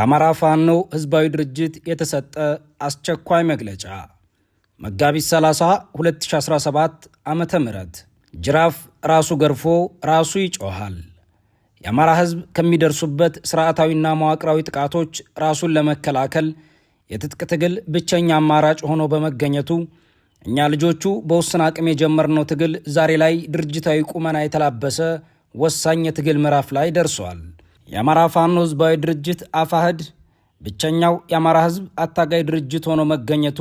ከአማራ ፋኖ ህዝባዊ ድርጅት የተሰጠ አስቸኳይ መግለጫ መጋቢት 30 2017 ዓ ም ጅራፍ ራሱ ገርፎ ራሱ ይጮኋል። የአማራ ህዝብ ከሚደርሱበት ስርዓታዊና መዋቅራዊ ጥቃቶች ራሱን ለመከላከል የትጥቅ ትግል ብቸኛ አማራጭ ሆኖ በመገኘቱ እኛ ልጆቹ በውስን አቅም የጀመርነው ትግል ዛሬ ላይ ድርጅታዊ ቁመና የተላበሰ ወሳኝ የትግል ምዕራፍ ላይ ደርሷል። የአማራ ፋኖ ህዝባዊ ድርጅት አፋህድ ብቸኛው የአማራ ህዝብ አታጋይ ድርጅት ሆኖ መገኘቱ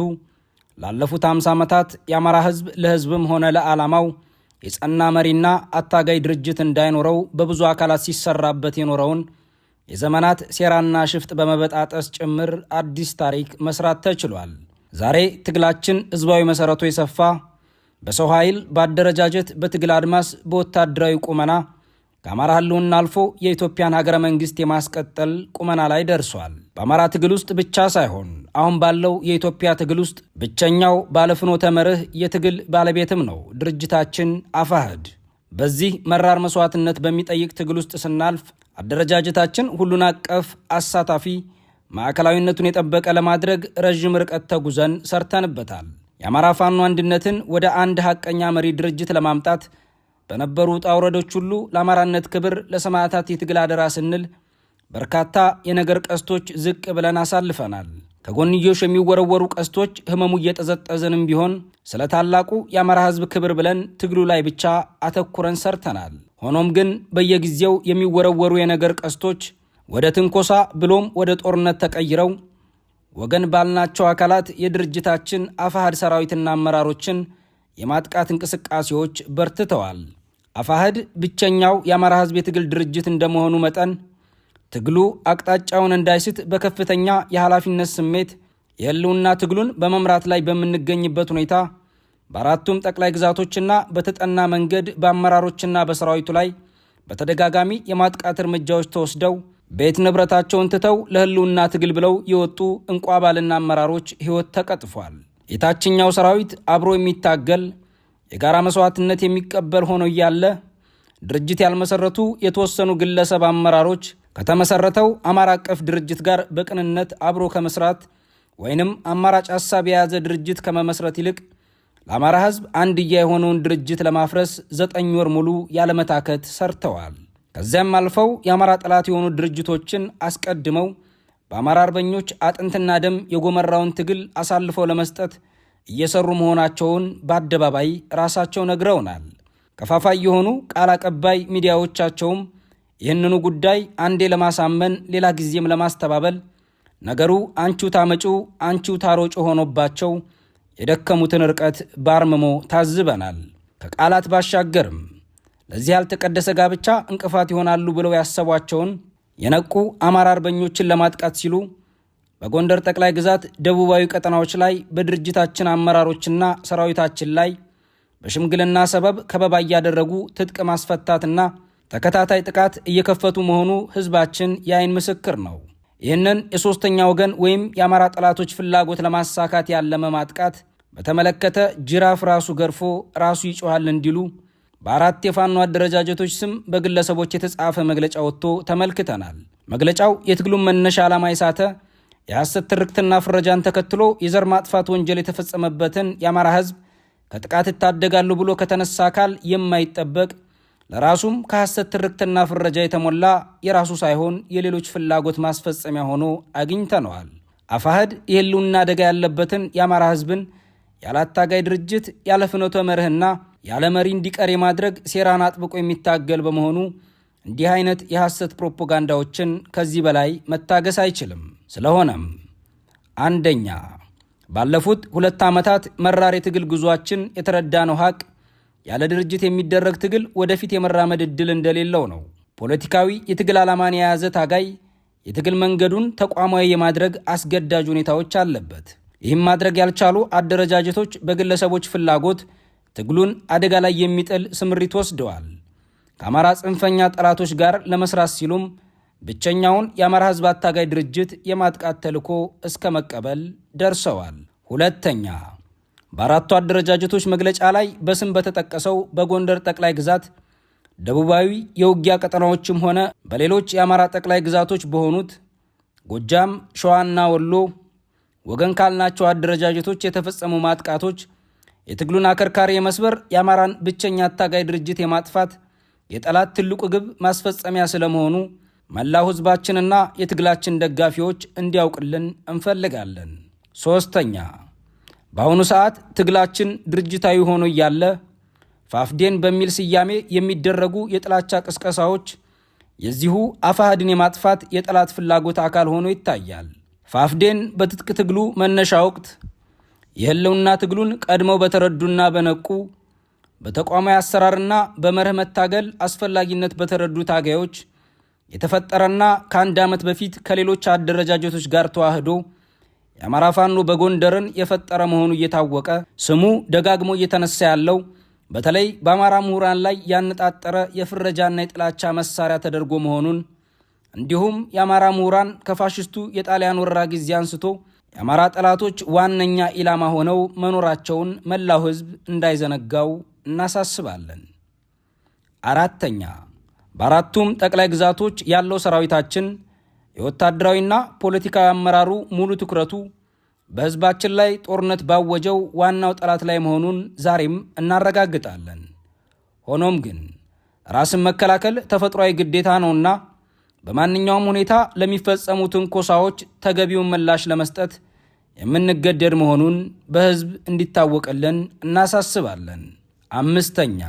ላለፉት 50 ዓመታት የአማራ ህዝብ ለህዝብም ሆነ ለዓላማው የጸና መሪና አታጋይ ድርጅት እንዳይኖረው በብዙ አካላት ሲሰራበት የኖረውን የዘመናት ሴራና ሽፍጥ በመበጣጠስ ጭምር አዲስ ታሪክ መስራት ተችሏል። ዛሬ ትግላችን ህዝባዊ መሠረቱ የሰፋ በሰው ኃይል፣ በአደረጃጀት፣ በትግል አድማስ፣ በወታደራዊ ቁመና ከአማራ ህልውና አልፎ የኢትዮጵያን ሀገረ መንግስት የማስቀጠል ቁመና ላይ ደርሷል። በአማራ ትግል ውስጥ ብቻ ሳይሆን አሁን ባለው የኢትዮጵያ ትግል ውስጥ ብቸኛው ባለፍኖተ መርህ የትግል ባለቤትም ነው ድርጅታችን አፋህድ በዚህ መራር መስዋዕትነት በሚጠይቅ ትግል ውስጥ ስናልፍ አደረጃጀታችን ሁሉን አቀፍ አሳታፊ ማዕከላዊነቱን የጠበቀ ለማድረግ ረዥም ርቀት ተጉዘን ሰርተንበታል። የአማራ ፋኖ አንድነትን ወደ አንድ ሀቀኛ መሪ ድርጅት ለማምጣት በነበሩ ውጣ ውረዶች ሁሉ ለአማራነት ክብር ለሰማዕታት የትግል አደራ ስንል በርካታ የነገር ቀስቶች ዝቅ ብለን አሳልፈናል። ከጎንዮሽ የሚወረወሩ ቀስቶች ህመሙ እየጠዘጠዘንም ቢሆን ስለ ታላቁ የአማራ ህዝብ ክብር ብለን ትግሉ ላይ ብቻ አተኩረን ሰርተናል። ሆኖም ግን በየጊዜው የሚወረወሩ የነገር ቀስቶች ወደ ትንኮሳ ብሎም ወደ ጦርነት ተቀይረው ወገን ባልናቸው አካላት የድርጅታችን አፋሃድ ሰራዊትና አመራሮችን የማጥቃት እንቅስቃሴዎች በርትተዋል። አፋሕድ ብቸኛው የአማራ ህዝብ የትግል ድርጅት እንደመሆኑ መጠን ትግሉ አቅጣጫውን እንዳይስት በከፍተኛ የኃላፊነት ስሜት የህልውና ትግሉን በመምራት ላይ በምንገኝበት ሁኔታ በአራቱም ጠቅላይ ግዛቶችና በተጠና መንገድ በአመራሮችና በሰራዊቱ ላይ በተደጋጋሚ የማጥቃት እርምጃዎች ተወስደው ቤት ንብረታቸውን ትተው ለህልውና ትግል ብለው የወጡ እንቋባልና አመራሮች ሕይወት ተቀጥፏል። የታችኛው ሰራዊት አብሮ የሚታገል የጋራ መስዋዕትነት የሚቀበል ሆኖ እያለ ድርጅት ያልመሰረቱ የተወሰኑ ግለሰብ አመራሮች ከተመሰረተው አማራ አቀፍ ድርጅት ጋር በቅንነት አብሮ ከመስራት ወይንም አማራጭ ሀሳብ የያዘ ድርጅት ከመመስረት ይልቅ ለአማራ ሕዝብ አንድያ የሆነውን ድርጅት ለማፍረስ ዘጠኝ ወር ሙሉ ያለመታከት ሰርተዋል። ከዚያም አልፈው የአማራ ጠላት የሆኑ ድርጅቶችን አስቀድመው በአማራ አርበኞች አጥንትና ደም የጎመራውን ትግል አሳልፈው ለመስጠት እየሰሩ መሆናቸውን በአደባባይ ራሳቸው ነግረውናል። ከፋፋይ የሆኑ ቃል አቀባይ ሚዲያዎቻቸውም ይህንኑ ጉዳይ አንዴ ለማሳመን ሌላ ጊዜም ለማስተባበል ነገሩ አንቹ ታመጩ አንቹ ታሮጮ ሆኖባቸው የደከሙትን ርቀት በአርምሞ ታዝበናል። ከቃላት ባሻገርም ለዚህ ያልተቀደሰ ጋብቻ እንቅፋት ይሆናሉ ብለው ያሰቧቸውን የነቁ አማራ አርበኞችን ለማጥቃት ሲሉ በጎንደር ጠቅላይ ግዛት ደቡባዊ ቀጠናዎች ላይ በድርጅታችን አመራሮችና ሰራዊታችን ላይ በሽምግልና ሰበብ ከበባ እያደረጉ ትጥቅ ማስፈታትና ተከታታይ ጥቃት እየከፈቱ መሆኑ ህዝባችን የአይን ምስክር ነው። ይህንን የሶስተኛ ወገን ወይም የአማራ ጠላቶች ፍላጎት ለማሳካት ያለመ ማጥቃት በተመለከተ ጅራፍ ራሱ ገርፎ ራሱ ይጮኋል እንዲሉ በአራት የፋኖ አደረጃጀቶች ስም በግለሰቦች የተጻፈ መግለጫ ወጥቶ ተመልክተናል። መግለጫው የትግሉን መነሻ ዓላማ የሳተ የሐሰት ትርክትና ፍረጃን ተከትሎ የዘር ማጥፋት ወንጀል የተፈጸመበትን የአማራ ሕዝብ ከጥቃት እታደጋሉ ብሎ ከተነሳ አካል የማይጠበቅ ለራሱም ከሐሰት ትርክትና ፍረጃ የተሞላ የራሱ ሳይሆን የሌሎች ፍላጎት ማስፈጸሚያ ሆኖ አግኝተነዋል። አፋህድ የህልውና አደጋ ያለበትን የአማራ ሕዝብን ያላታጋይ ድርጅት ያለ ፍኖተ መርህና ያለ መሪ እንዲቀር የማድረግ ሴራን አጥብቆ የሚታገል በመሆኑ እንዲህ አይነት የሐሰት ፕሮፓጋንዳዎችን ከዚህ በላይ መታገስ አይችልም። ስለሆነም አንደኛ፣ ባለፉት ሁለት ዓመታት መራር የትግል ጉዟችን የተረዳነው ሀቅ ያለ ድርጅት የሚደረግ ትግል ወደፊት የመራመድ ዕድል እንደሌለው ነው። ፖለቲካዊ የትግል ዓላማን የያዘ ታጋይ የትግል መንገዱን ተቋማዊ የማድረግ አስገዳጅ ሁኔታዎች አለበት። ይህም ማድረግ ያልቻሉ አደረጃጀቶች በግለሰቦች ፍላጎት ትግሉን አደጋ ላይ የሚጥል ስምሪት ወስደዋል። ከአማራ ጽንፈኛ ጠላቶች ጋር ለመስራት ሲሉም ብቸኛውን የአማራ ህዝብ አታጋይ ድርጅት የማጥቃት ተልዕኮ እስከ መቀበል ደርሰዋል። ሁለተኛ በአራቱ አደረጃጀቶች መግለጫ ላይ በስም በተጠቀሰው በጎንደር ጠቅላይ ግዛት ደቡባዊ የውጊያ ቀጠናዎችም ሆነ በሌሎች የአማራ ጠቅላይ ግዛቶች በሆኑት ጎጃም፣ ሸዋና ወሎ ወገን ካልናቸው አደረጃጀቶች የተፈጸሙ ማጥቃቶች የትግሉን አከርካሪ የመስበር የአማራን ብቸኛ አታጋይ ድርጅት የማጥፋት የጠላት ትልቁ ግብ ማስፈጸሚያ ስለመሆኑ መላው ሕዝባችንና የትግላችን ደጋፊዎች እንዲያውቅልን እንፈልጋለን። ሶስተኛ፣ በአሁኑ ሰዓት ትግላችን ድርጅታዊ ሆኖ እያለ ፋፍዴን በሚል ስያሜ የሚደረጉ የጥላቻ ቅስቀሳዎች የዚሁ አፋሕድን የማጥፋት የጠላት ፍላጎት አካል ሆኖ ይታያል። ፋፍዴን በትጥቅ ትግሉ መነሻ ወቅት የህልውና ትግሉን ቀድመው በተረዱና በነቁ በተቋማዊ አሰራርና በመርህ መታገል አስፈላጊነት በተረዱ ታጋዮች የተፈጠረና ከአንድ ዓመት በፊት ከሌሎች አደረጃጀቶች ጋር ተዋህዶ የአማራ ፋኖ በጎንደርን የፈጠረ መሆኑ እየታወቀ ስሙ ደጋግሞ እየተነሳ ያለው በተለይ በአማራ ምሁራን ላይ ያነጣጠረ የፍረጃና የጥላቻ መሳሪያ ተደርጎ መሆኑን እንዲሁም የአማራ ምሁራን ከፋሽስቱ የጣሊያን ወረራ ጊዜ አንስቶ የአማራ ጠላቶች ዋነኛ ኢላማ ሆነው መኖራቸውን መላው ሕዝብ እንዳይዘነጋው እናሳስባለን። አራተኛ በአራቱም ጠቅላይ ግዛቶች ያለው ሰራዊታችን የወታደራዊና ፖለቲካዊ አመራሩ ሙሉ ትኩረቱ በሕዝባችን ላይ ጦርነት ባወጀው ዋናው ጠላት ላይ መሆኑን ዛሬም እናረጋግጣለን። ሆኖም ግን ራስን መከላከል ተፈጥሯዊ ግዴታ ነውና በማንኛውም ሁኔታ ለሚፈጸሙ ትንኮሳዎች ተገቢውን ምላሽ ለመስጠት የምንገደድ መሆኑን በሕዝብ እንዲታወቅልን እናሳስባለን። አምስተኛ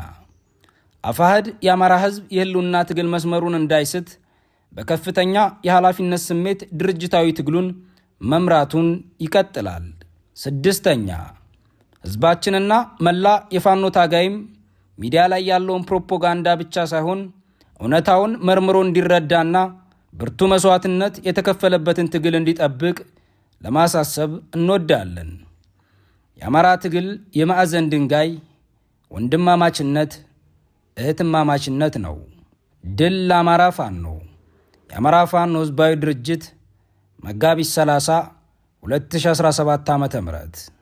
አፋህድ የአማራ ህዝብ የህልውና ትግል መስመሩን እንዳይስት በከፍተኛ የኃላፊነት ስሜት ድርጅታዊ ትግሉን መምራቱን ይቀጥላል። ስድስተኛ ህዝባችንና መላ የፋኖ ታጋይም ሚዲያ ላይ ያለውን ፕሮፓጋንዳ ብቻ ሳይሆን እውነታውን መርምሮ እንዲረዳና ብርቱ መስዋዕትነት የተከፈለበትን ትግል እንዲጠብቅ ለማሳሰብ እንወዳለን። የአማራ ትግል የማዕዘን ድንጋይ ወንድማማችነት እህትማማችነት ነው። ድል ለአማራ ፋኖ! የአማራ ፋኖ ህዝባዊ ድርጅት መጋቢት 30 2017 ዓ.ም